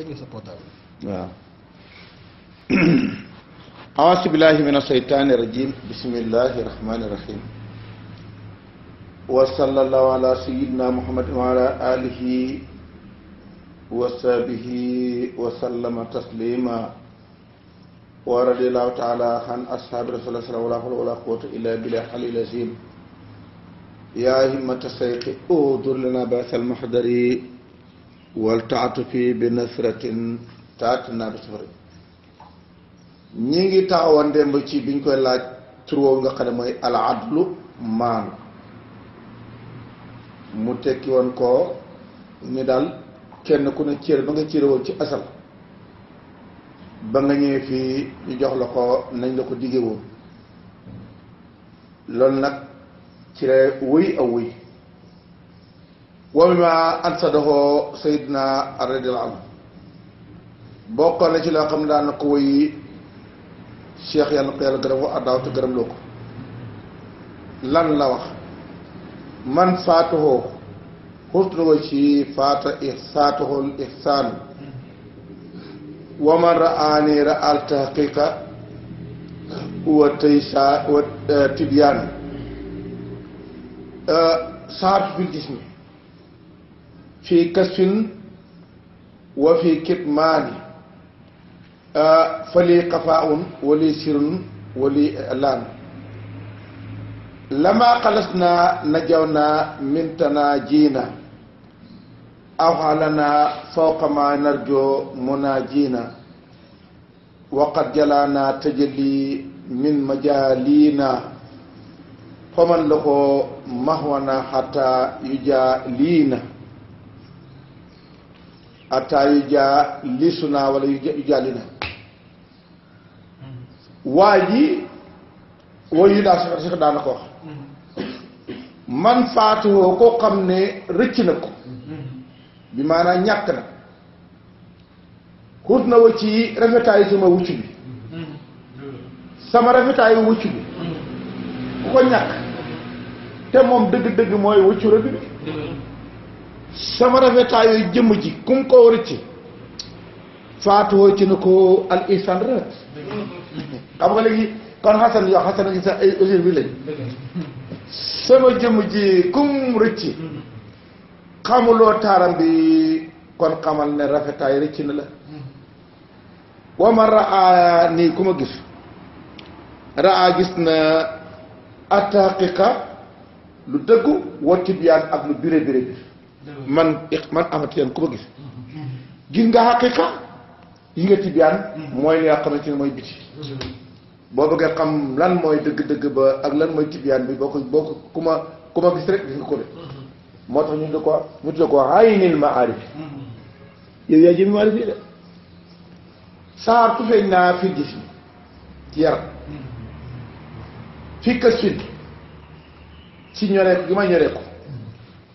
tegi sa portable أعوذ بالله من الشيطان الرجيم بسم الله الرحمن الرحيم وصلى الله على سيدنا محمد وعلى آله وصحبه وسلم تسليما ورضي الله تعالى عن أصحاب رسول الله صلى الله عليه ولا قوة إلا بالله العلي العظيم يا همة الشيخ أوذر لنا بأس المحضرين waltatufi bi nasratin tatinarsore ñi ngi taawa ndemb ci bi ñu koy laaj turoo nga xam ne mooy al adlu maanu mu tekki woon koo ni daal kenn ku ne cër ba nga cëre woon ci asal ba nga ñëwe fii ñu jox la ko nañ la ko digge woon loolu nag cëre wëy a wëy wa mimma ansadahu sayyidina radiyallahu anhu bokkoon na ci loo xam ne daan na ko woy cheikh yàlla ko yàlla gërëm ko addaaw te gërëm loo ko lan la wax man faatuhoo xusnu wa ci faata ihsaatuhul ihsaanu wa man raani raal tahqiqa wa taysa wa eh, tibyaanu eh, saatu fil ismi fii kasfin wa fii kitmaani fa lii xafaaun wa lii sirun wa lii laan lama xalas naa najaw naa mintanaa jiina awxalanaa fawqa maa narjoo munaa jiina waqad jalaanaa tajali min majaaliina faman la ko maxwana xata yu jaa liina ataa yu jaa liisu naa wala yu jaali na waa ji woy yu daa sax daa na ko wax man faatuwoo koo xam ne rëcc na ko bi maanaam ñàkk na xut na wa ci rafetaayu sama wucc bi sama rafetaayu wucc bi ku ko ñàkk te moom dëgg-dëgg mooy wuccu rëdd sama rafetaayu jëmm ji kum ko rëcc faatuwoo ci na ko al ihsan rek xam nga léegi kon xasan yoo xasan ak ihsan ay usine bi lañ sama jëmm ji kum rëcc xamuloo taaram bi kon xamal ne rafetaay rëcc na la wa ma raa nii ku ma gis raa gis na ataqiqa lu dëggu wa tibyaan ak lu bire bire bi man man amatiyan ku ma gis gis nga xaqiqa yi nga tibiyaan mooy li nga xamante ne mooy biti boo bëggee xam lan mooy dëgg-dëgg ba ak lan mooy tibiyaan bi boo ko boo ko ku ma ku ma gis rek gis nga ko de moo tax ñu di ko ñu tuddee ko aynil maarif yow yaa jëmi maarif yi de saa tu naa fi gis ci yaram fii kas fii ci ñoreeku gi ma ñoreeku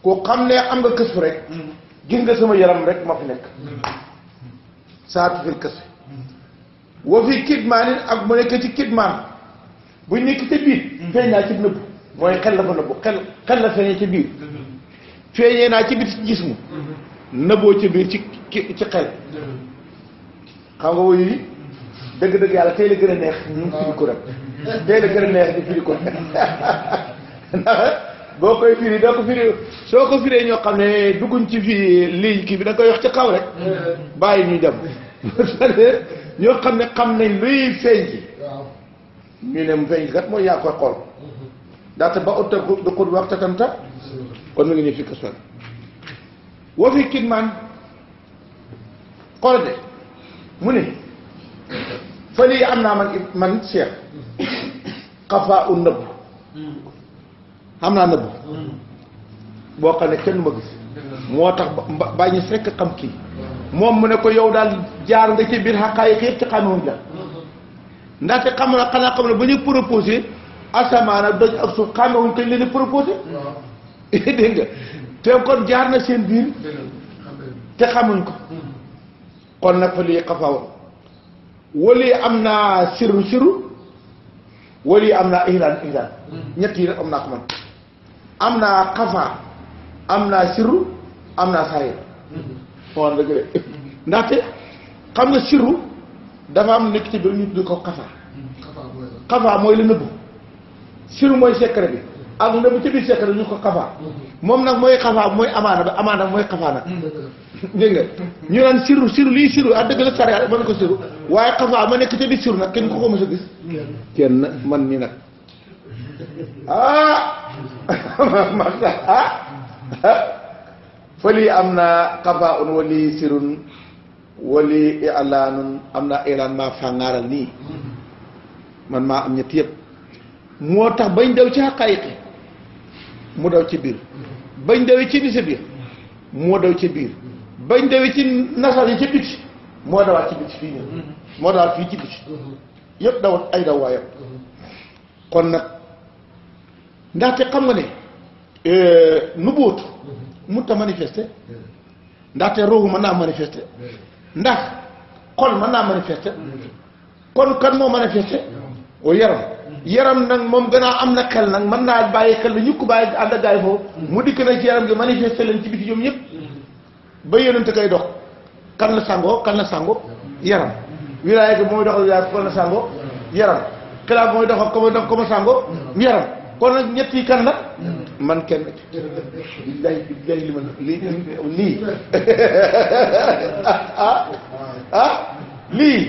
ku xam ne am nga kësu rek hmm. gis nga sama yaram rek ma fi nekk saatu fil kës wa fi kidmaanin ak mu nekk ci kidmaan bu nekk ca biir hmm. feeñ naa ci nëbb mooy xel hmm. naa ci biir gis mu nëbboo ca biir ci ci xel xam nga woyu dëgg-dëgg yàlla tey la gën a neex ñu ngi firi ko rek tey la gën a neex ñu firi ko ndax boo koy firi doo ko firi soo ko firee ñoo xam ne dugguñ ci fii lii kii bi da koy wax ci kaw rek mm-hmm. bàyyi ñuy dem cest à ñoo xam ne xam nañ luy feeñ ci ñu ne mu feeñ kat mooy yaa koy xool mm-hmm. ndaxte ba utta du xut waxta tam ta kon mu ngi fi ko sol woo fi kitmaan xool de mu ne fa lii am naa man man seet xafaa u am naa nëbb boo xam ne kenn ma gis moo tax ba bàyyi ñu rekk xam kii moom mu ne ko yow daal jaar nga ci biir xaqaayiq yëpp ci xamewuñ la ndaxte xam na ne ba ñuy proposé asamaan ak doj ak suuf xamewuñ kañ leen te kon jaar na seen biir te xamuñ ko kon nag fa lii xafaw wali am naa siru siru wali am naa ihlaan ihlaan ñett rek am naa ko man am naa xafa am naa sirru am naa saayir moo am dëgg de ndaxte xam nga sirru dafa am nekk ci biir ñu di ko xafa xafa mooy la nëbbu sirru mooy secret bi ak nëbbu ci biir secret bi ñu ko xafa mm-hmm. moom nag mooy xafa mooy amaana ba amaana mooy xafa nag mm-hmm. dégg nga ñu naan sirru sirru lii sirru ak ah dëgg la sariya mën ko sirru waaye xafa ma nekk ci biir sirru nag kenn ko ko mos a gis kenn man mii nag ah marta ah fëlii am na xaba un sirun wali ilaanun am na ilaan maa fàngaaral nii man maa am ñett yëpp moo tax bañ daw ci xaqaayiqi mu daw ci biir bañ dawee ci ni sa daw ci biir bañ dawee ci nasar yi ci biti moo dawaat ci biti fii ñëw moo dawaat fii ci biti yëpp dawat ay daw waayam kon nag ndaxte xam nga ne euh, nu bóotu mut mm-hmm. a manifester mm-hmm. ndaxte roogu mën naa manifester mm-hmm. ndax xol mën naa manifester kon kan moo manifester oo oh, yaram yaram nag moom gën a am na xel nag mën naa bàyyi xel la ñu ko bàyyi ànd gaay foofu mu dikk nag ci yaram gi manifester leen ci biti ñoom ñëpp ba yonent kay dox kan na sàngoo kan la sàngoo yaram wilaaya gi mooy doxal wilaaya kan la sàngoo yaram xilaaf mooy doxal comme comme sàngoo yaram kon nag ñett yi kan la man kenn lii lii ah, ah ah lii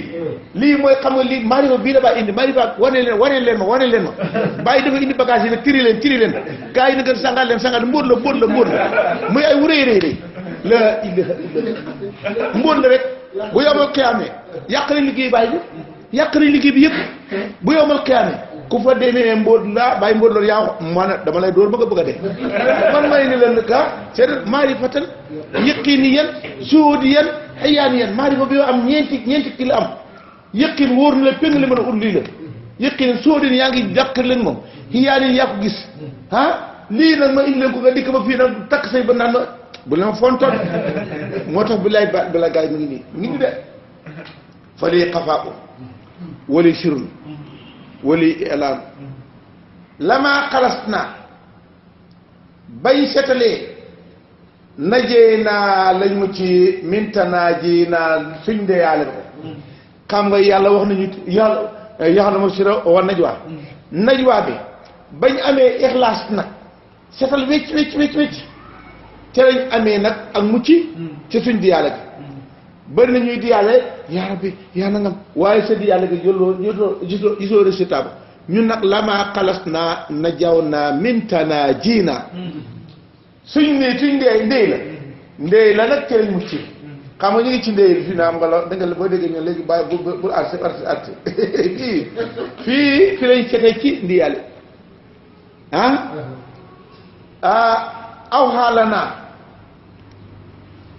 lii mooy xam nga lii maarifa bii la baa indi maarifa wane leen wane leen ma wane leen ma bàyyi dafa indi bagage yi nag tiri leen tiri leen gars yi na gën sangal leen sangal mbóot la mbóot la mbóot la muy ay wuréy réy réy la ilaha illallah mbóot la rek bu yomal xiyaamee yàq na liggéey bàyyi bi yàq na liggéey bi yëpp bu yomal xiyaamee ku fa demee mbóot ndaa bàyyi mbóot loolu yaa ma dama lay dóor ba nga de a dee man may ni leen ka c'est maarifatan yëqiniyan suudiyan xayaaniyan maarifa bi am ñeenti ñeenti ki la am yëqin wóor na la péng li mën a ut lii la yëqin suudin yaa ngi jàq leen moom xiyaanin yaa ko gis ah lii nag ma indi leen ko nga dikk ba fii nag takk say ba naan ma bu leen fontoon moo tax bi lay baat bi la mu ngi nii mu ngi nii de fa lii xafaa ko wala sirul wali ilaan lamaa xalas na bañ setalee najee naa lañ mu ci minta naa ji naa suñ de yaale ko xam nga yàlla wax nañu yàlla yaxam na moom si war najwaa najwaa bi bañ amee ixlaas nag setal wécc wécc wécc wécc te amee nag ak mucc ci suñ di yàlla gi bëri nañuy ñuy diyaale yaa rabbi yaa nangam waaye sa diyaale gi yólloo yólloo gisoo gisoo résultat ñun nag lama xalas na na jaw naa mintana ji naa suñ ne suñ ndey ndey la ndey la nag cëriñ mucc xam nga ñu ngi ci ndey bi fii naa la danga la boo déggee ñu léegi bàyyi bu bu arsi ci ndiyaale ah? ah aw xaala naa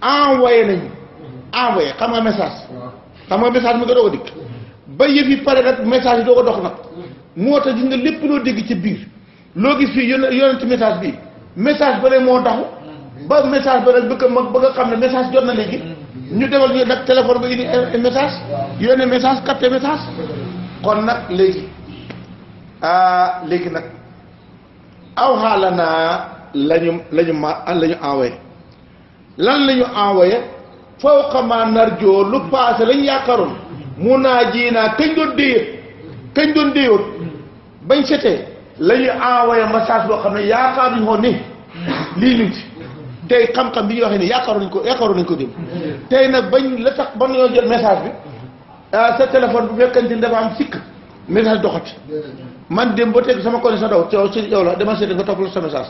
envoyé nañu envoyé xam nga message ah. xam nga message mi nga doog a dikk ba yëf yi pare nag message yi doog a dox nag hmm. moo tax gis nga lépp loo dégg ci biir loo gis fii yonent message bii message ba moo taxu ba message ba nag bëgg mag bëgg a xam ne message jot na léegi hmm. ñu defal nag téléphone ba indi message hmm. yónnee message capté message kon nag léegi ah léegi nag aw xaala lañu lañu ma lañu envoyé lan lañu envoyé fawqa ma narjoo lu paase lañ yaakaaroon mu naa ji naa kañ doon déyat kañ doon déyoot bañ setee la ñu envoyé message boo xam ne yaakaaruñu woon ni lii liñ ci tey xam-xam bi ñuy waxee ni yaakaaroon nañ ko yaakaaroon nañ ko dem tey nag bañ la tax ban ñoo jël message bi ah, sa téléphone bu fekkante ni dafa am sikk message doxati man dem ba teg sama connexion daw te yow la demal seete nga topp la sa message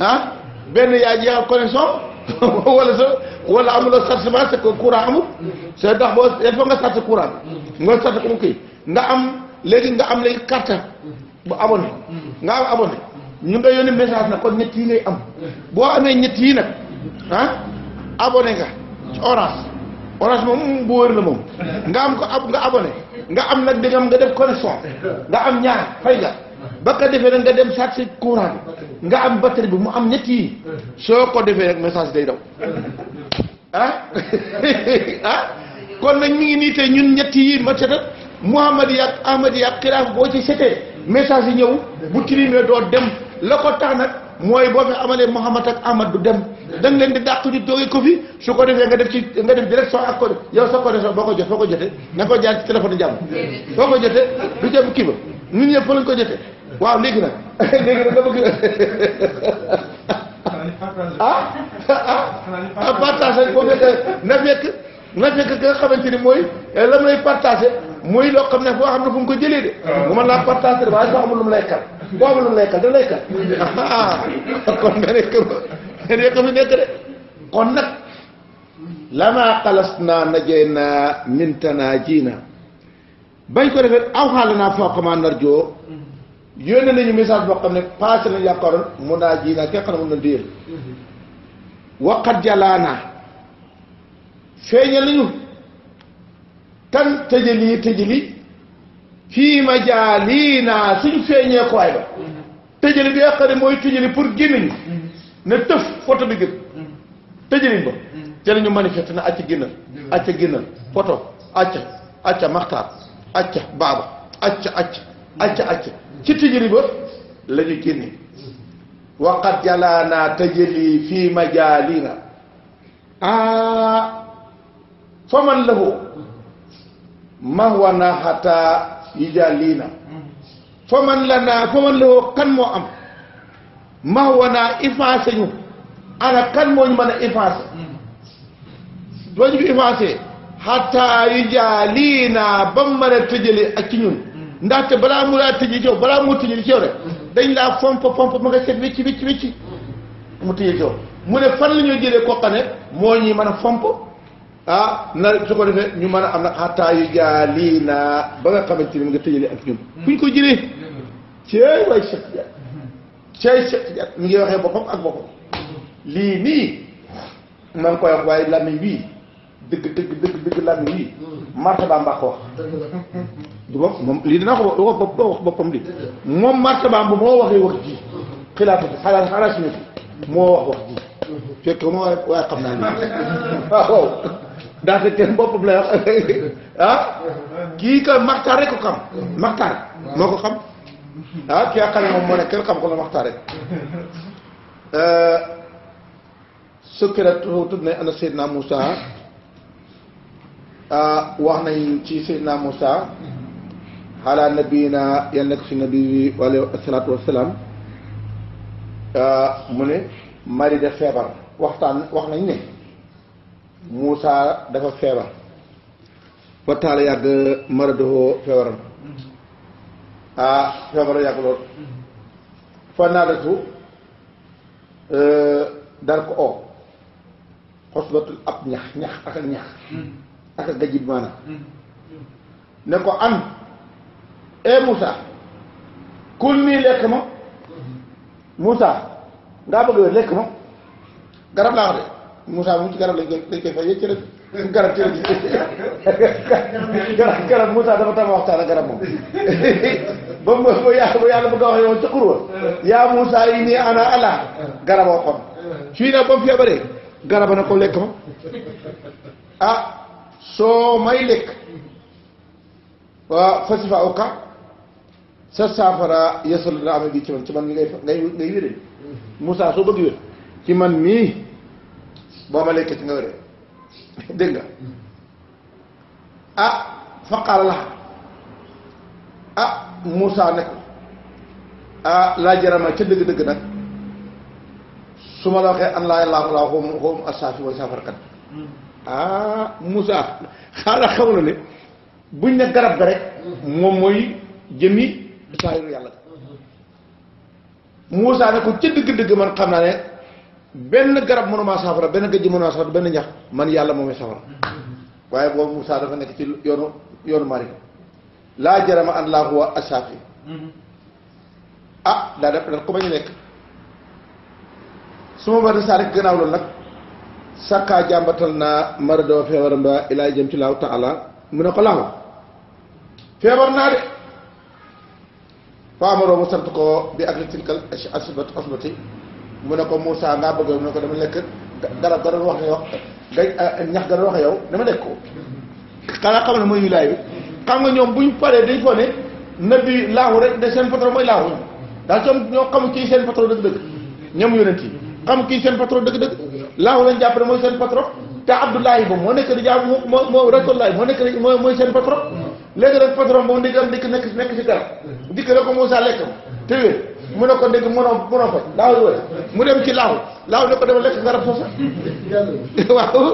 ah benn yaa jeexal connexion wala sa wala amuloo chargement sa courant amul c'est ndax boo il faut nga charge courant nga am léegi nga am léegi carte bu abonné nga am abonné ñu nga yónni message nag kon ñett ngay am boo amee ñett yi nag ah abonné nga ci orange orange moom bu la moom nga am ko ab nga abone nga am nag di nga am def connexion nga am ñaar fay nga ba ko defee nag nga dem saat si courant bi nga am batterie bi mu am ñett yi soo ko defee rek message day daw ah ah kon nag mi ngi nii tey ñun ñett yi ma setal Mouhamad yaag Ahmad yaag boo ci setee message yi ñëw bu tilimee doo dem la ko tax nag mooy boo fi amalee Mouhamad ak dem da nga leen di dàq ñu toogee ko su ko defee nga def ci nga def direction ak ko yow sa boo ko jot foo ko jotee na ko jaar ci téléphone jàmm foo ko jotee du jëm kii ñun ñëpp ko jëfe waaw léegi nag léegi nag dama bëgg ah ah partage boo fekk na fekk na xamante ni mooy eh, la lay partagé loo xam ne ne fu mu ko jëlee de ah. bu mën laa partagé de waaye soo xamul lu mu lay kal boo xamul lu mu lay kal da lay kal ah, ah. kon nga nekk nga bañ ko defee aw xaal naa foofu maa nar joo yónnee nañu message boo xam ne passé nañu yàqooroon mun naa ji naa kenn xam ne mun na déel waqat jalaana feeñal nañu tan tëjali tëjali fii ma jaalii feeñee kowaay ba tëjali bi nga mooy tëjali pour génnañu ne tëf photo bi gën tëjaliñ ba te mm. la ñu manifesté na acca génnal mm. acca génnal photo acca acca maxtaar acca baaba acca acca acca acca ci tajriba la ñu génne waqat jalaanaa tajali fii majaalina ah fa man lahu mahwana hatta yijaalina fa man lanaa fa man lahu kan moo am mahwana effacé ñu ana kan moo ñu mën a effacé doo ñu effacé xataa yu jaa lii naa ba mu mën a ak ci ñun mm. ndaxte balaa mu laa tëjee ci yow balaa moo tëjee ci yow rek mm. dañ laa fomp fomp ma nga seet wicci wicci wicci mm. mu tëjee ci mu ne fan la ñuy jëlee kooka ne mën a fomp ah, na su ko ñu mën a am nag xataa yu jaa lii naa ba nga ak ñun. fu ñu ko jëlee. Mm-hmm. ngi waxee boppam ak boppam mm-hmm. lii nii maa koy waaye làmmiñ bii. dëgg dëgg dëgg dëgg laa ngi nii hmm. martaba mbàkkoo du ko moom lii dina ko wax wax boppam li moom martaba bu moo waxee wax ji hmm. xilaafa bi xalaat xalaat suñu wax wax ji hmm. ah, waaw lay wax ah kii ka maxtaar rek ko xam xam ah kii ak xam ne moom xam ko la maxtaar rek sukkirat eh, tudd ana wax nañ ci Seydina Moussa xaalaa nabiina yal nekk si nabi bi wala asalaatu wasalaam euh, mu ne Marie de feebar waxtaan wax nañ ne Moussa dafa feebar ba yàgg maradohoo feebaram ah yàgg lool fa naadatu euh, dar ko o xosbatul ab ñax ñax ak ak ñax ak dajib maanaam hmm. ne ko am e eh, Moussa kul nii lekk ma hmm. Moussa ngaa bëgg wér lekk ma garab laa wax de Moussa moom garab lañ koy fay yëcc rek garab ci garab garab dafa tama waxtaan ak garab moom ba mu ba yàlla ba yàlla a wax yow ca xurwa hmm. yaa Moussa yi ana ala garab waxoon suy nag ba feebaree garab na ko lekk ma ah, soo may lekk waa fasifa uka sa saafara yeesu la amee bi ci man ci man ngay ngay ngay wéree soo bëgg wér ci man mii boo ma lekkee ci nga wéree dégg nga ah faqaala la ah Moussa ne ko ah laa jarama ca dëgg-dëgg nag su ma la waxee an laa ilaaha illallaa huwa as-saafi wa safarkat ah Moussa xaaral xaw na ne buñ ne garab ga rek moom mooy jëmi saahiru yàlla Moussa ne ko ca dëgg-dëgg man xam naa ne benn garab mënuma saafara benn gëj mënuma saafara benn ñax man yàlla moom safara waaye boobu Moussa dafa nekk ci yoonu yoonu mari laa jarama an laa huwa asaafi ah daa def ko bañ a nekk su ma war saa rek gannaaw loolu nag sakkaa jàmbatal naa mara dama feebaram ba ilaa jëm ci laaw taala mu ne ko laaw feebar naa de faamaro mu sant ko bi ak li tilkal asbat mu ne ko Moussa ngaa bëgg mu ne ko dama lekk garab ga doon wax ne ñax ga doon wax yow dama lekk ko xam ne mooy wilaay bi nga ñoom buñ paree dañ foo ne nabi laahu rek de seen patron mooy laahu daal ñoom ñoo xam ci seen patron dëgg-dëgg ñoom yonent yi xam kii seen patron dëgg-dëgg laahu lañ jàpp ne mooy seen patron te Abdoulaye ba moo nekk di jàpp moo moo Rasulullahi moo nekk di mooy seen patron léegi nag patron moom di am dikk nekk nekk si garab dikk na ko Moussa lekk ma te wér mu ne ko dégg mënoo mënoo faj laaw di wala mu dem ci laaw laaw ne ko dama lekk garab foofu waaw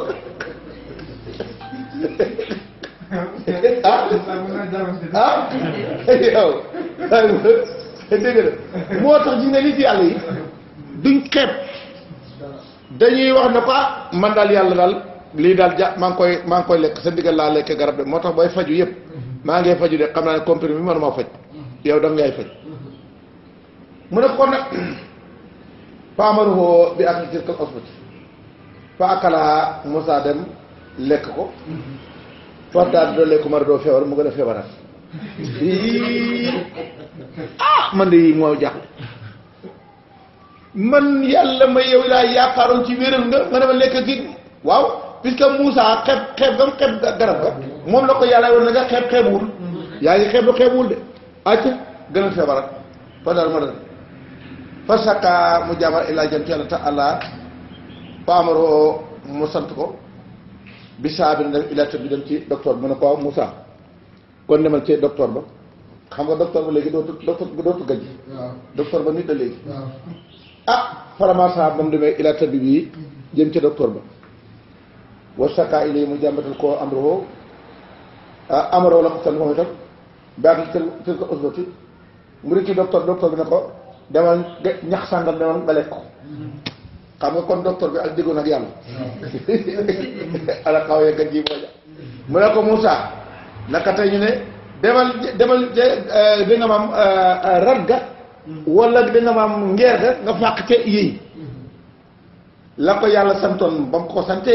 ah ah yow dégg moo tax ñu ne nit yàlla yi duñ xeeb dañuy wax ne ko ah, man daal yàlla daal lii daal ja maa ngi koy maa ngi koy lekk sa ndigal laa lekk garab de moo tax booy faju yëpp maa ngi faju de xam naa ne comprimé bi mënuma yow da ngay faj mu ne ko nag faamaruhoo bi ak tilkal osbati akala Moussa dem lekk ko fortaat doo lekku mar doo feebar mu gën a feebaraat ah man de yi moo jaaxle man yàlla ma yow laa yaakaaroon ci wéral nga nga dama lekk géej gi waaw puisque Moussa xeeb xeeb gam xeeb garab ga moom la ko yàlla woon na nga xeeb xeebuwul yaa ngi xeeb xeebuwul de acca gënal a ak fa dal ma dal fa saka mu jàmbar illaa jant yàlla ta àlla fa amaro mu sant ko bi saa bi na dem illaa bi dem ci docteur mu ne ko Moussa kon demal ci docteur ba xam nga docteur ba léegi dootu dootu dootu gajj docteur ba nit la léegi ah faramasa ba mu demee ila tabib yi jëm ca docteur ba wa saka ilay mu jàmbatal koo ah, la ko tan moom itam baax li tel ko usbati mu ci docteur docteur bi ne ko demal ñax sàngam demal nga ko xam nga kon docteur bi ak déggoon ak yàlla ala xaw ye gat ji booja mu ne ko Moussa naka tey ñu ne demal demal eh, de bi nga eh, eh, wala dina ma am ngeer ga nga fàq ca yéy la ko yàlla santoon ba ko sante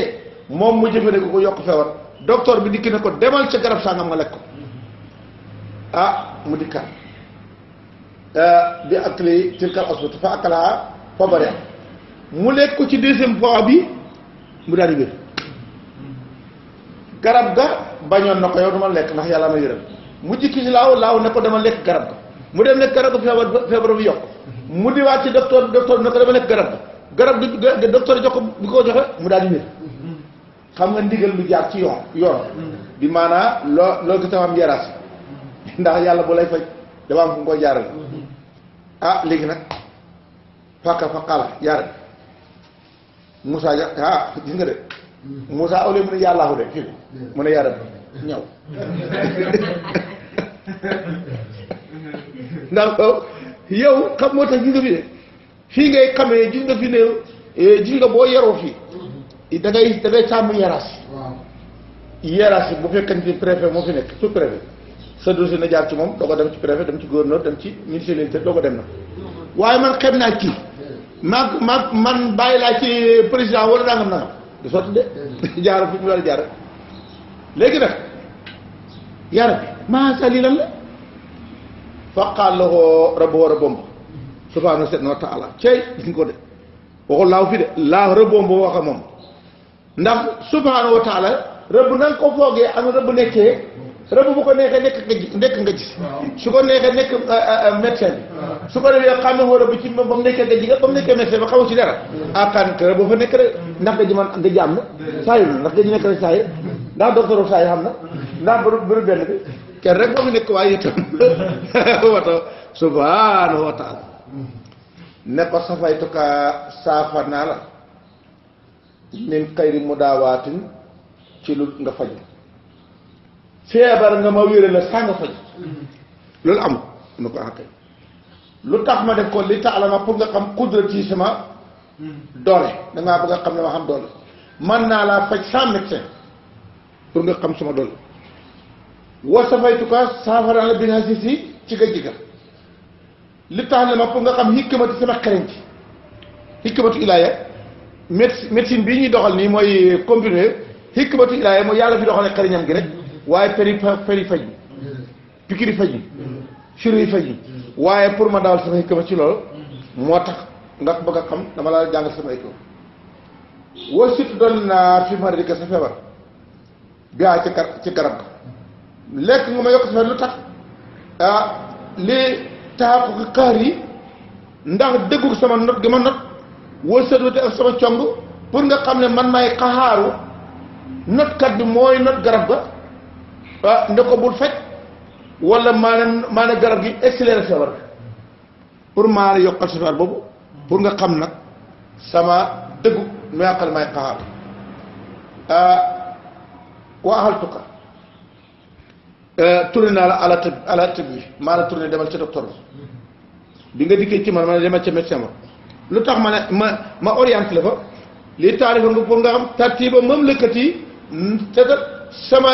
moom mu jëfandikoo ko yokk feewar docteur bi dikki ne ko demal ca garab sangam nga lekk ko ah mu dikkaat euh, bi ak li tilkal asbatu fa akalaa fa bari mu lekk ko ci deuxième fois bi mu daal di garab ga bañoon na ko yow dama lekk ndax yàlla ma yërëm mu jikki laaw laaw ne ko dama lekk garab ga mu dem nekk garab feebar feebar bi yokk mu diwaat ci docteur docteur bi naka dama nekk garab garab gi docteur jox ko bi ko joxe mu daal di wér xam nga ndigal lu jaar ci yoon yoon bi maanaa loo loo gis am yaraas ndax yàlla bu lay faj dafa am fu mu koy jaarale ah léegi nag fakka fakkaala yaara Moussa ja ah gis nga de Moussa au lieu mu ne yàllaahu de fii mu ne yaara ndax euh, yow xam moo tax gis nga fi ne fii ngay xamee gis nga fi ne eh, gis nga boo yaroo fii da ngay da ngay sàmm yaraas yaraas yi bu fekkee ni préfet moo fi nekk sous préfet sa dossier na jaar ci moom doo ko dem ci préfet dem ci gouverneur dem ci ministère de te doo ko dem na waaye man xem naa ci maag maag man bàyyi laa ci président wala nangam nangam du sotti de jaar mu war a jaar léegi nag yara maa sa lii lan la faqaal la ko raboo rabombo subhaanahu wa taala cey gis nga ko de waxul laaw de laaw rabombo waxa moom ndax subhaanahu wa taala rëbb na nga ko foogee ak rëbb nekkee rëbb bu ko neexee nekk nga gis nekk nga gis su ko neexee nekk euh, euh, médecin bi su ko defee xàmme woo rëbb ci ba mu nekkee nga ji ba mu nekkee médecin ba xamu ci dara akaan que rëbb fa nekk rek ndax nga ji man nga ji am ndax nga ji nekk rek saayu ndax docteur saayu xam na ndax bërëb benn bi kenn rek moo fi nekk waaye itam woto subhaanahu wa taala ne ko safaytuka saafa naa la min xayri mudaawaatin ci lu nga faj feebar nga ma wéere la saa nga faj loolu amul mu ne ah, lu tax ma def ko li taalama pour nga xam kudrati sama doole dangaa bëgg a xam ne ma xam doole man naa laa faj sans médecin pour nga xam suma doole wasafaytuka saafara la bin hasisi ci ga jiga li tax ne ma pour nga xam hikmati sama xereñ ci hikmatu ilaaya médecine bii ñuy doxal nii mooy combiné hikmatu ilaaya moo yàlla fi doxalee xereñam gi rek waaye peri peri faj mi pikiri faj mi suri faj mi waaye pour ma daal sama hikma ci loolu moo tax nga bëgg a xam dama laa jàngal sama hikma wa surtout doon naa fi ma rika sa feebar bi ci garab ga lekk nga ma yokk sa lu tax ah li taaku xaar yi ndax dëggu sama not gi ma not wal sëdwate ak sama cong pour nga xam ne man maay not kat bi mooy not garab ba ah ne ko bul faj wala maa ne garab gi sa war pour maa ne sa feebar boobu pour nga xam nag sama dëggu ma yàqal may xaxaaru ah wa axal tuka Euh, tourné na la à la tëb à la tëb bi maa la tourné demal ca docteur bi bi nga dikkee ci ma ne demal ca médecin ba lu tax ma ne ma ma orienté ba fa li taalifa nga pour nga xam tartiba moom lëkkati te sama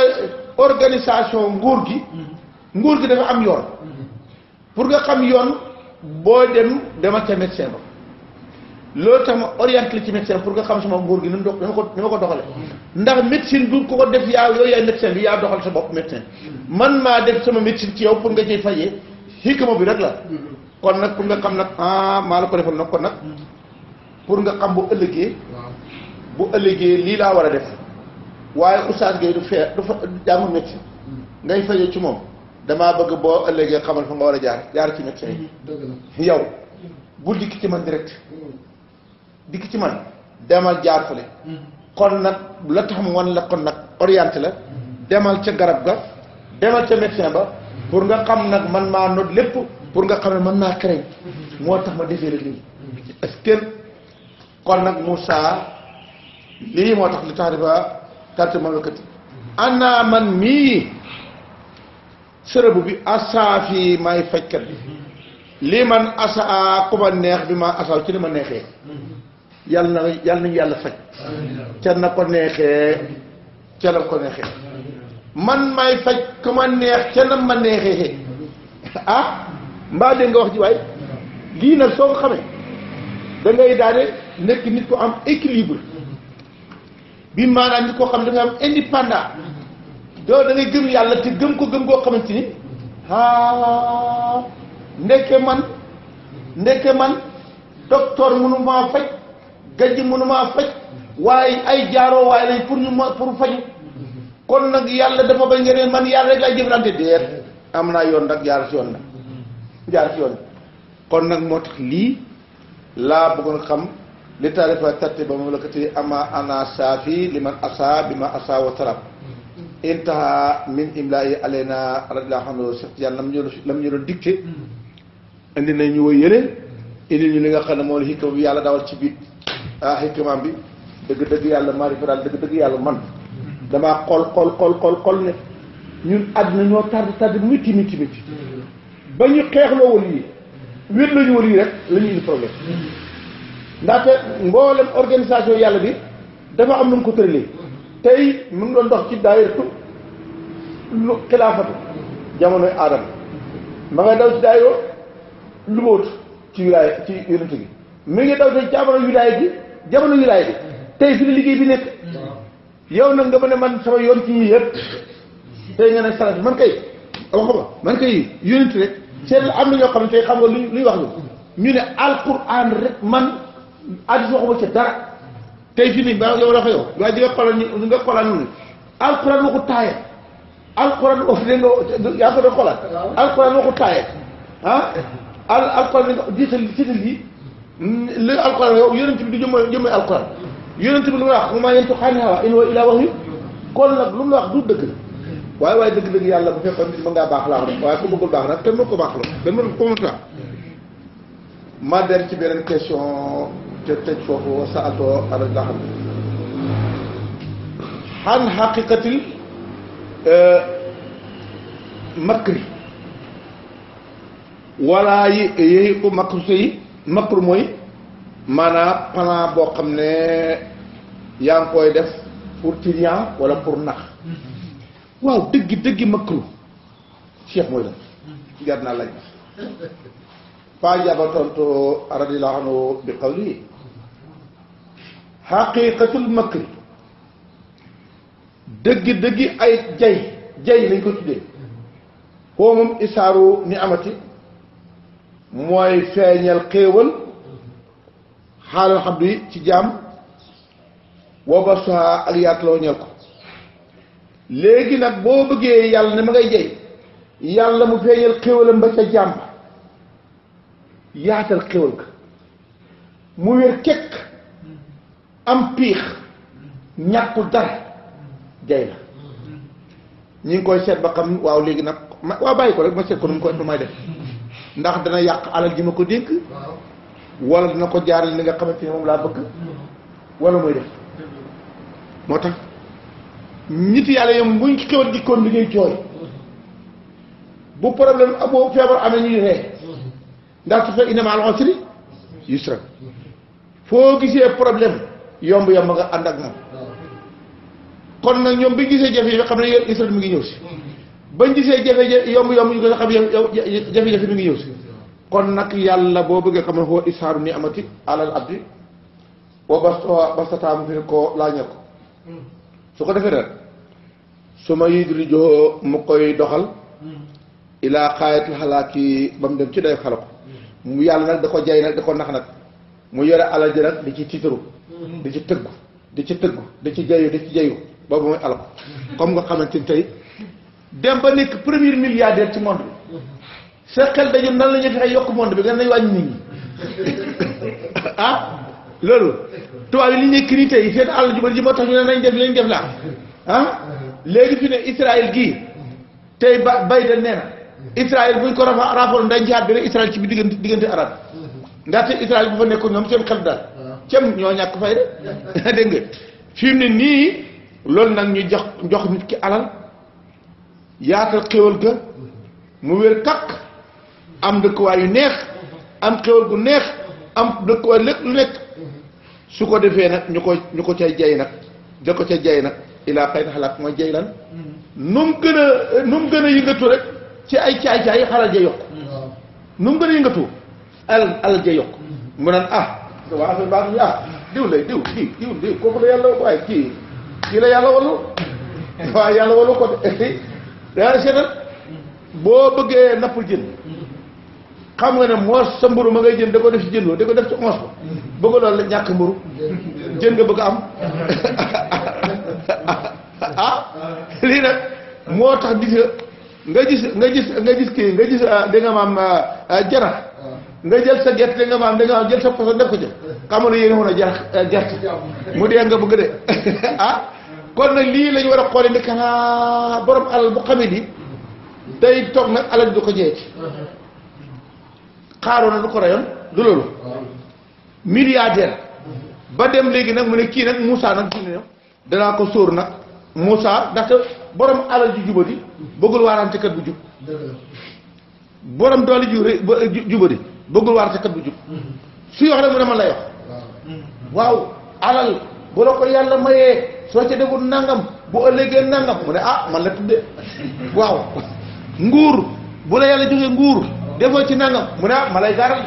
organisation nguur gi nguur gi dafa am yoon mm-hmm. pour nga xam yoon boo dem demal ca médecin ba loolu tax ma orienté la ci médecin pour nga xam sama nguur gi ni mu dox ni ma ko ni ma ko doxale ndax médecine du ko ko def yaa yooyu yaay médecin bi yaa doxal sa bopp médecin man maa def sama médecine ci yow pour nga ciy fajee xikma bi rek la kon nag pour nga xam nag ah maa la ko defal nag kon nag pour nga xam bu ëllëgee bu ëllëgee lii laa war a def waaye oustaz Gueye du fee du fa jàngu médecin ngay fajee ci moom damaa bëgg boo ëllëgee xamal fa nga war a jaar jaar ci médecin yi yow bul dikk ci man direct dikk ci man demal jaar fële kon nag la tax mu wan la kon nag orienté la demal ca garab ga demal ca médecin ba pour nga xam nag man maa noot lépp pour nga xam ne mën naa crañ moo tax ma defee la lii est-ce que kon moo tax li tax riba tarte mamlakati man mii sërëbu bi asaafi maay fajkat bi lii man asaa ku ma neex bi ma asaaw ci li ma neexee yàlla na yàlla nañu yàlla faj ca na ko neexee ca na ko neexee man may faj ku ma neex ca na ma neexee ah mbaa dégg nga wax ji waaye lii nag soo ko xamee da ngay daane nekk nit ko am équilibre bi maanaam nit koo xam da nga am indépendant doo da ngay gëm yàlla te gëm ko gëm koo xamante ni ah man ndekke man docteur mënu maa faj gaj ji mënumaa faj waaye ay jaaro waaye lañ pour ñu ma pour faju kon nag yàlla dafa bañ nga ne man yàlla rek laay jëflante déet am naa yoon nag jaar si yoon nag jaar yoon kon nag moo lii laa bëggoon xam li taarifa tatti ba mamlakati ama ana saafi liman asa bi ma asa wa tarab intaha min imlaayi aleyna rajula xam ne Cheikh Tidiane lam ñu lam ñu doon dicté indi nañu woy xam ne moom la xikma bi yàlla dawal ci biir ah xikmaam bi dëgg-dëgg yàlla maarifa daal dëgg-dëgg yàlla man damaa xool xool xool xool xool ne ñun àdduna ñoo tardé tardé miti miti miti ba ñu xeexloo wal yi wér lañu wal yi rek la ñu indi problème ndaxte mboolem organisation yàlla bi dafa am lu mu ko tey mu ngi doon dox ci daayiratu lu xilaafatu jamonoy aadama ma ngay daw ci daayoo lu ci wilaaya ci yonent gi mi ngi daw ci jamono wilaaya gi jamono wilaay bi mm-hmm. tey fi la liggéey bi nekk mm-hmm. yow na nga ma ne man sama yoon ci yii yëpp mm-hmm. tey nga ne salat man kay wax ko man kay yonent rek seet am na ñoo xam ne tey xam nga luy luy wax ñu ñu ne alquran rek man addis waxuma ci dara tey fi nii ba yow dafa yow waaye di nga xoolal ñu nga xoolal ñu ne alquran waxu taaye alquran wax dëgg ko doon xoolal alquran waxu taaye ah al alquran di sa sital yi li alquran yow yonent bi du jëmm jëmm alquran yonent bi lu mu wax maa yantiqu anil hawaa in huwa illaa wahyun kon nag lu mu wax du dëgg waaye waaye dëgg-dëgg yàlla bu fekkoon nit mën ngaa baax laa xam waaye ku bëggul baax nag kenn mën ko baax la ma dem ci beneen question te tëj foofu sa atoo laa xam xan xaqiqatil makri wala yi yéexi ko makru yi makru mooy maanaam plan boo xam ne yaa ngi koy def pour tirian wala pour nax waaw dëggi dëggi makru cheikh mooy la jar naa laaj paa jaba tontu radiyallahu anhu bi qawli xaqiqatul makri dëggi dëggi ay jay jay lañ ko tuddee koo moom isaaru ni amati mooy feeñal xéewal xaalal xam bi ci jaam woo ba soxaa ak yaatu la ñel ko léegi nag boo bëggee yàlla ne ma ngay jey yàlla mu feeñal xéewalam ba sa jaam yaatal xéewal ka mu wér kekk am piix ñàkkul dara jay la ñi ngi koy seet ba xam waaw léegi nag ma waaw bàyyi ko rek ma seet ko nu mu koy nu may def ndax dana yàq alal ji ma ko dénk wala dana ko jaarale li nga xamante ne moom laa bëgg wala mooy def moo tax nit yàlla yom buñ xewal jikkoon li ngay jooy bu problème boo feebar amee ñuy ree ndax su fekk inna ma'al usri yusra foo gisee problème yomb yomb nga ànd ak moom kon nag ñoom bi gisee jafe yi xam ne yéen isra mi ngi ñëw si bañ gisee jafe-jafe yomb yomb yu gën a xam yow jafe-jafe mi ngi ñëw si kon nag yàlla boo bëggee xam ne huwa ishaaru ni amati alal abdi wa basta bastataamu fi ko laañal ko su ko defee rek su ma yidri joo mu koy doxal ilaa xaayatil xalaaki ba mu dem ci day xalako mu yàlla nag da ko jay nag da ko nax nag mu yore alal ji di ci tiitaru di ci tëggu di ci ci jayu di ci jayu boobu mooy alako comme nga xamante ni tey dem ba nekk premier milliardaire ci monde bi sa xel dañu nan la ñuy fexe yokk monde bi gën nañ wàññi nit ñi ah loolu tubaab yi li àll ju bari ji moo ne nañ def li ñu def laa ah, ne Israël gii tey ba Biden nee na buñ ko rafa raafoon dañ jihaat beneen Israël ci bi diggante diggante arab ndaxte Israël bu fa nekkoon ñoom seen xel daal ñoo ñàkk fay de nga fi mu ne nii loolu nag ñu jox jox nit ki alal yaatal xéwal ga mu wér takk am dëkkuwaay yu neex am xéwal gu neex am dëkkuwaay lépp lu nekk su ko defee nag ñu ko ñu ko cay jay nag da ko ca jay nag ilaa xëy na xalaat mooy jay lan nu mu gën a nu mu gën a yëngatu rek ci ay caay-caay xalal ja yokk nu mu gën a yëngatu alal alal ja yokk mu naan ah waa affaire baax ah, diw diw diw kooku la yàlla waaye kii kii la yàlla walu waaw yàlla walu ko de yaa seetal boo bëggee napp jën xam nga ne moos sa mburu ma ngay jën da ko def ci jën wa da ko def ci onze ba bëgg loolu la ñàkk mburu jën nga bëgg am ah lii nag moo tax gis nga nga gis nga gis kii nga gis ah, da nga maam ah, ah, jarax nga jël sa gert da nga maam da nga maam jël sa poso def ko ci xam nga ne yéen a a jarax eh, gerte mu dee nga bëgg de kon nag lii la war a xoole ni kanaa borom alal bu xamee ni day toog nag alal du ko jeeti xaaroo na du ko rayoon du loolu milliardaire ba dem léegi nag mu ne kii nag Moussa nag fi ne danaa ko sóor nag Moussa ndaxte borom alal ju jubadi bëggul waarante kat bu jub borom doole ju jubadi bëggul waarante kat bu jub su yox rek mu ne man lay wax waaw alal bu la ko yàlla mayee soo ca defut nangam bu ëllëgee nangam mu ne ah man la de waaw nguur bu la yàlla jógee nguur defoo ci nangam mu ne ah ma lay gaaral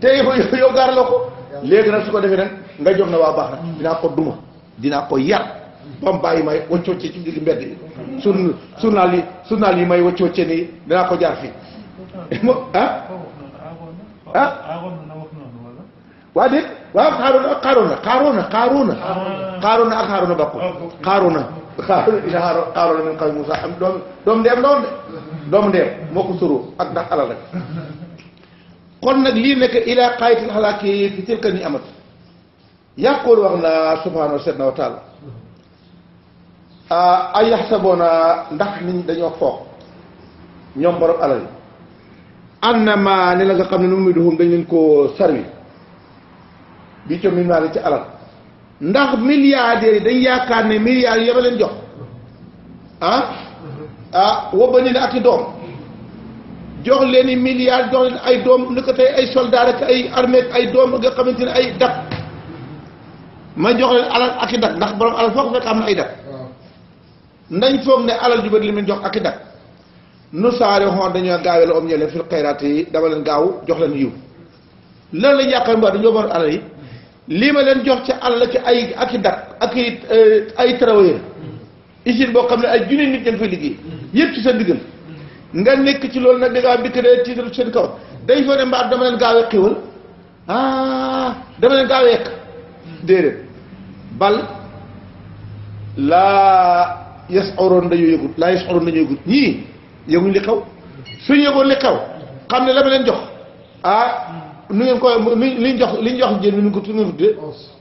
te yow yow gaaraloo ko léegi nag su ko defee nag nga jox na waa baax na dinaa ko duma dinaa ko yar ba mu may wëccoo ci yi sun surnaal yi surnaal yi may wëccoo ci nii dinaa ko jaar fii waa dégg waaw xaaruuna ah. ak xaaruuna xaaruuna xaaruuna xaaruuna ak xaaruuna bokkul ah, xaaruuna xaaruuna ina xaaruuna min xawmi Muusaa am doom doomu ndeem la woon de doomu ndeem moo ko suru ak ndax alal rek kon nag lii nekk ilaa xaayitil xalaaki fi tilka ni amat yàqoolu wax na subhaanahu seet na wa taala ah, ay yaxsaboona ndax nit dañoo foog ñoom borom alal yi annama ne la nga xam ne nu muy duhum dañ leen koo sarwi bii co milliards ci alal ndax milliardaires yi dañ yaakaar ne milliards yi leen jox ah ah wobba ne ak i doom jox leen i milliards jox leen ay doom ni ko tey ay soldats ak ay armée ay doom nga xamante ne ay dak ma jox leen alal ak i dak ndax borom alal foog fekk am na ay dak ndañ foog ne alal ju bëri li mu jox ak i dak nu saare xoon dañoo gaawee la om ñoo leen fil xayraat yi dama leen gaaw jox leen yiw lan lañ yaakaar mbaa dañoo bon alal yi lii ma leen jox ci àll ci ay ak i dak ak i ay travailleurs usine boo xam ne ay junni nit ña ngi fay liggéey yëpp ci sa ndigal nga nekk ci loolu nag da ngaa bikk dee tiitalu seen kaw dañ fa ne mbaa dama leen gaawee xiwal ah dama leen gaawee yekk déedéet bal la yas oroon dañoo yëgut laa yas oroon dañoo yëgut ñii yëguñ li xaw suñu yëgoon li xaw xam ne la ma leen jox ah nu ngeen koy liñ jox liñ jox jën bi nu ko tunu de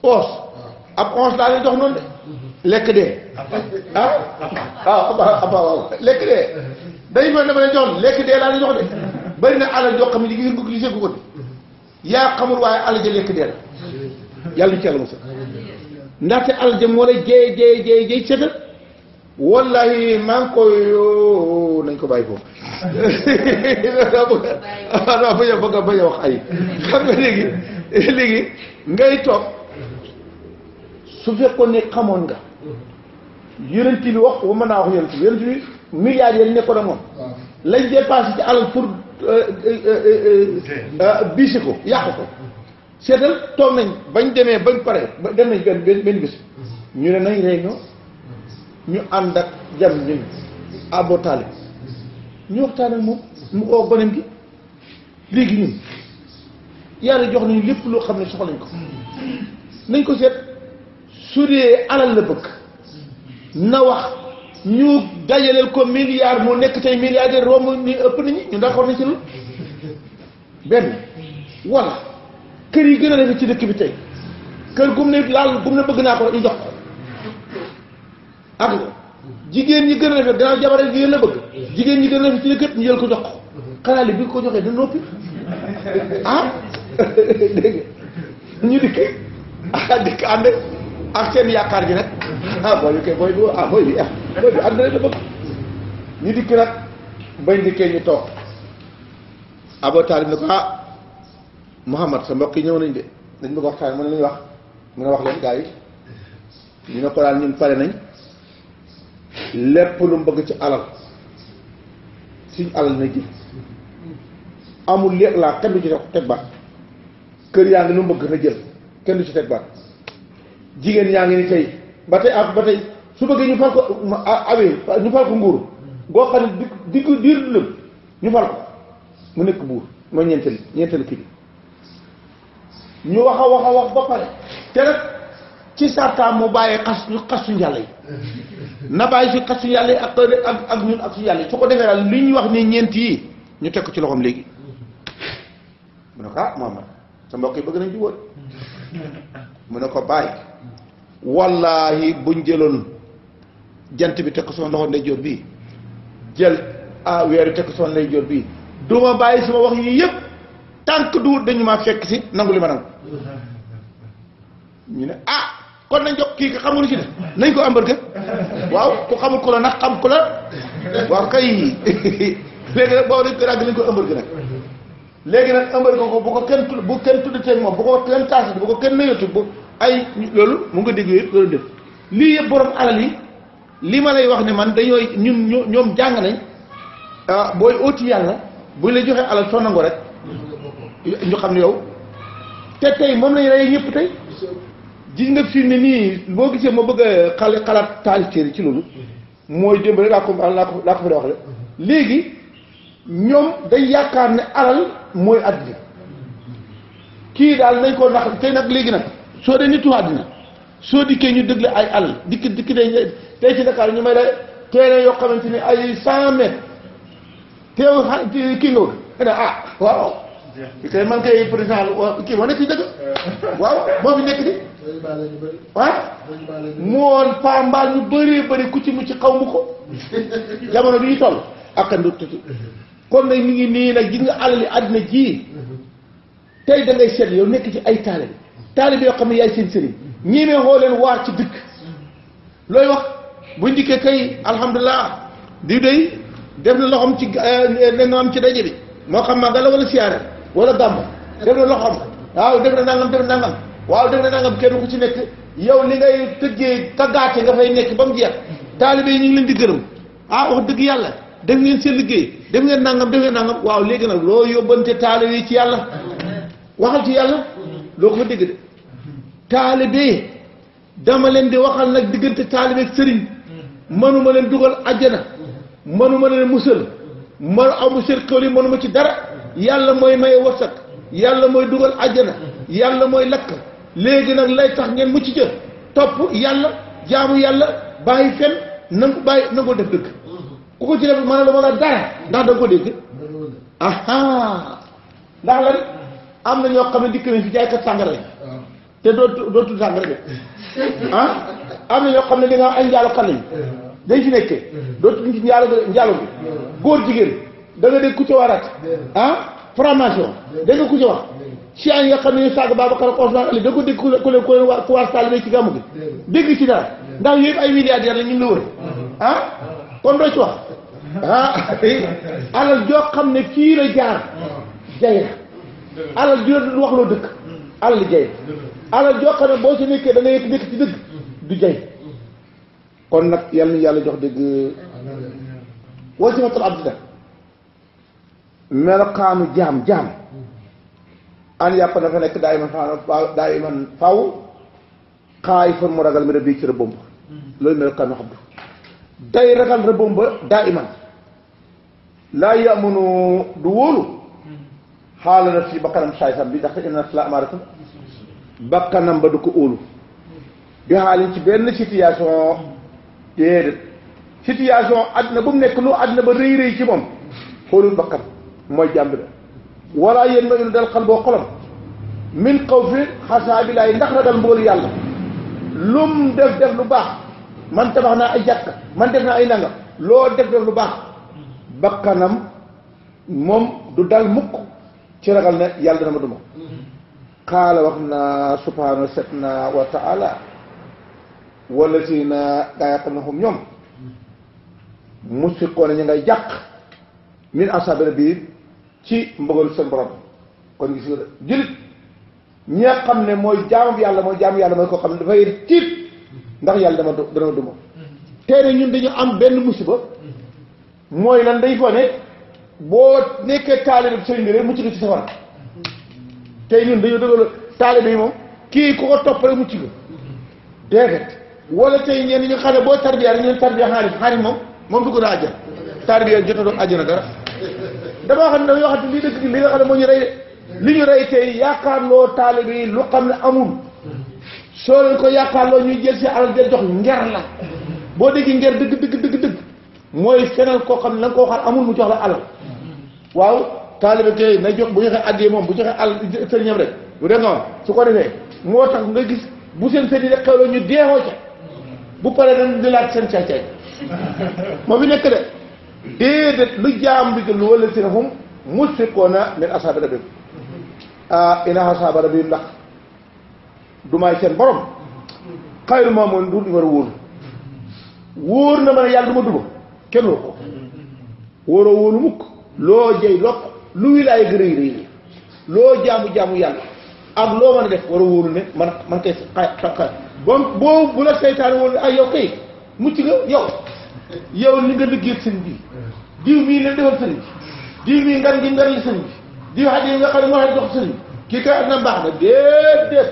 oos ah. ab oos laa leen jox noonu de lekk dee ah waaw ah, aba waaw lekk dee dañu mel dama leen jox lekk dee de bari na alal joo xam ne ngeen bëgg gisee ko de yaa xamul waaye alal ja lekk dee la yàlla ñu ci yàlla mos a ndaxte alal ja moo lay jeey jeey jeey jeey seetal wallahi maa ngi koy yoo nañ ko bàyyi foofu daa bëgg a daa bëgg a bëgg a bañ a wax ay xam nga léegi léegi ngay toog su fekkoon ne xamoon nga yonent bi wax wa mën naa wax yonent bi yonent bi milliards yi nekkoon ak moom lañ dépassé ci alal pour euh, euh, euh, biisi ko yàq ko seetal toog nañ bañ demee bañ pare dem nañ benn benn bés mm-hmm. ñu ne nañ réunion ñu ànd ak jam ñun Abu Talib ñu waxtaan ak moom mu oo gonem gi léegi ñun yàlla jox nañu lépp loo xam ne soxla nañ ko nañ ko seet su dee alal la bëgg na wax ñu dajaleel ko milliard mu nekk tey milliardaire romb ni ëpp nañu ñu d'accord nañ ci loolu benn wala kër yi gën a rafet ci dëkk bi tey kër gum ne laal gum ne bëgg naa ko ñu jox am nga jigéen ñi gën a rafet gannaaw jabar jigéen la bëgg jigéen ñi gën a rafet ci lépp ko jox ko li bi ko joxee da noppi ah dégg ah, yaakaar gi nag ah booy bi kay booy ah, ah, la bëgg ñu dikk nag bañ dikkee ñu toog Abu Taalib ne ko ah Mouhamad sa mbokk yi ñëw nañ de dañ bëgg waxtaan mën nañu wax mu ne wax leen gars yi ñu ne ko daal ñun pare nañ lépp lu mu bëgg ci alal suñ alal na ji amul léeg laa kenn du ci teg baat kër yaa ngi lu mu bëgg na jël kenn du ci teg baat jigéen yaa ngi ni tey ba tey ak ba tey su bëggee ñu fal ko awee ñu fal ko nguur goo xam ne di di diir lëm ñu fal ko mu nekk buur mooy ñeenteel ñeenteel kii bi ñu wax a wax a wax ba pare te rek ci sartaam mu bàyyi xas xas suñu yàlla yi na bàyyi fi xas suñu yàlla yi su ko defee daal li ñu wax nii ñeent yi ñu teg ci loxoom léegi mu ne ko ah Mouhamad sa mbokk bëgg nañ ci mu ne ko bàyyi wallaahi buñ jëloon jant bi teg ko sama loxo ndeyjoor bii jël ah weer bi teg ko sama ndeyjoor bii du ma bàyyi sama wax yii yëpp tànk duur dañu maa fekk si nangu li ma nangu ñu ne ah. kon nañ jox kii nga xamul ci nañ ko hamburger waaw ku xamul ku la nax xam ku la waaw kay léegi nag boobu dañ ko ràgg nañ ko hamburger nag léegi nag hamburger ko bu ko kenn tudd bu kenn tudd teen moom bu ko kenn taasati bu ko kenn nayatu bu ay loolu mu nga dégg yëpp loolu def lii yëpp borom alal yi li ma lay wax ne man dañooy ñun ñoom jàng nañ ah, booy óoti yàlla buñ la joxee alal soo nangu rek ñu xam ne yow te tey moom lañ rey ñëpp tey gis nga fi ne nii boo gisee ma bëgg a xale xalaat taal téere ci loolu mooy démb rek laa ko laa ko laa wax rek léegi ñoom dañ yaakaar ne alal mooy àddina kii daal nañ ko nax te nag léegi nag soo dee nitu àddina soo dikkee ñu dëgle ay alal dikki dikki day tey ci Dakar ñu may de teere yoo xamante ni ay cent mètres teew kii nga wër ah te man kay président waaw moo fi nekk di ah mu woon Pa Mbaal ñu bëree bëri ku ci mu ci xaw mu ko jamono bi ñu toll ak ndu tuuti kon nag mu ngi nii nag gis nga alali àddina ji tey da ngay yow nekk ci ay taalibe taalibe yoo xam yaay seen sëriñ ñiimee leen waar ci dëkk looy wax bu ndikkee kay alhamdulilah di dey def na loxoom ci nenam ci daje bi moo xam màggal la wala siyaare wala gàmm def na loxoom waaw def na nangam def na nangam waaw def na nangam kenn ku ci nekk yow li ngay tëggee taggaate nga fay nekk ba mu jeex taalibe yi ñu ngi leen di gërëm ah dëgg yàlla def ngeen seen liggéey def ngeen nangam def ngeen nangam waaw léegi nag loo yóbbante taalibe yi ci yàlla waxal ci yàlla loo ko fa dégg de taalibe dama leen di waxal nag diggante taalibe ak sëriñ mënuma leen dugal àjjana mënuma leen musal mënu amu seen xéwal yi mënuma ci dara yàlla mooy maye wërsëg yàlla mooy dugal àjjana yàlla mooy lakk léegi nag lay tax ngeen mucc ca topp yàlla jaamu yàlla bàyyi fen nangu bàyyi nangoo def dëgg ku ko ci def maanaam dama la dara ndax da nga ko dégg aha ndax lan am na ñoo xam ne dikk nañ fi te doo doo tudd sàngara ah? am na ñoo xam ne li nga dañ ci nekkee doo tudd njaalo njaalo bi góor jigéen da nga dégg ku ci warat ah formation da nga ku ci wax chiites yi nga xam ne ñu saaga Babacar Ousmane Ali da nga ko dégg ku leen ku waar taalibe ci gàmmu gi dégg ci dara ndax yëpp ay milliardaires la ñu la wër ah kon doo ci wax ah alal joo xam ne kii la jaar jay na alal joo du wax loo dëkk alal jay joo xam ne boo si nekkee da ngay nekk ci dëgg du jay kon nag yàlla na yàlla jox dëgg woo si melokaanu jaam jaam an yàpp na fa nekk daay man faaw daay man faaw xaay fan mu ragal ci rëbbam ba day ragal rëbbam daa laa yamunu du wóolu xaala na bakkanam saay sam bi ndax inna nafsa la amaaratum bakkanam ba du ko óolu bi xaalin ci benn situation déedéet situation àddina bu mu nekk lu àddina ba rëy rëy ci moom xoolul bakkan mooy jàmm la walla yéen ma inu dal xal boo xolam min xaw fi xasaabilaay ndax ragal mbugal yàlla lum def def lu baax man tabax naa ay jàkk man def naa ay nangam loo def def lu baax bakkanam moom du dal mukk ci ragal ne yàlla dana ma duma qaala wax na subhaanahu set na wa taala wala si na gaa yàq na xum ñoom musiqoona ñu ngay jàq min asabira biir ci mbugalu seen kon gis nga jullit ñi xam ne mooy jaamam yàlla mooy jaamu yàlla mooy koo xam ne dafay tiit ndax yàlla dama dama duma tey nag ñun dañu am benn musiba mooy lan day fone boo nekkee taalibe sëriñ bi rek mucc nga ci safara tey ñun dañoo dëggal taalibe yi moom kii ku ko topp rek mucc nga déedéet wala tey ñenn ñi nga xam boo tarbiya rek ñu leen tarbiya xaalis xaalis moom moom dugg na àjjana tarbiya jotadoo àjjana dara damaa xam ne da ngay wax lii dëgg li nga xam ne moo ñu rey li ñu rey tey yaakaarloo taalibe yi lu xam ne amul soo leen ko yaakaarloo ñuy jël si alal jël jox nger la boo déggee nger dëgg dëgg dëgg dëgg mooy fenal koo xam ne la nga xam ne amul mu jox la alal waaw taalibe yi na jox bu joxe addee moom bu joxe alal sëriñam rek bu dee nga su ko defee moo tax nga gis bu seen sëriñ ñu deewoo ca bu paree dañ di laaj seen caay caay moo bi nekk de déedéet lu jaam bi jublu wala seen hum musrikoona min asaabi rabbihim ah ina asaaba rabbihim ndax du may seen borom xayru maamoon du ñu war a wóor wóor na ma ne yàlla du ma kenn wóor ko wóoroo wóoru mukk loo jëy lopp lu wilaay gën a rëy loo jaamu-jaamu yàlla ak loo mën a def war a wóoru ne man man koy xay xay boo bu la seytaane wóor ne ah yow kay mucc nga yow yow li nga liggéey sëñ bi diw mii la defal a bi diw mii ngar gi ngar li sëñ bi diw xaj yi nga xam dox sëñ bi kii na baax na déedéet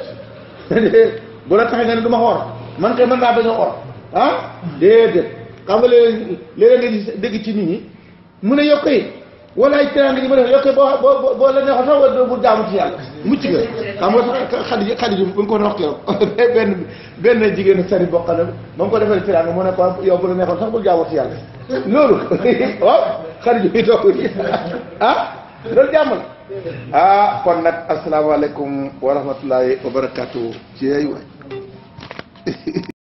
bu la taxee nga ne du ma xoor man naa bañ a xoor ah déedéet xam nga léeg-léeg nga gis ci nit ñi mu ne yokk yi wala ay teraanga yi ma def yokkee boo boo boo la neexoon sax wala bu jaamu ci yàlla mucc nga xam nga xadi xadi bu ñu ko doon wax keroog benn benn jigéen ak sari bokkal ba mu ko defee teraanga mu ko yow bu la neexoon yàlla loolu waaw xadi bi toog ah loolu jàmm la ah kon nag asalaamaaleykum wa rahmatulahi wa barakaatu ci ay waay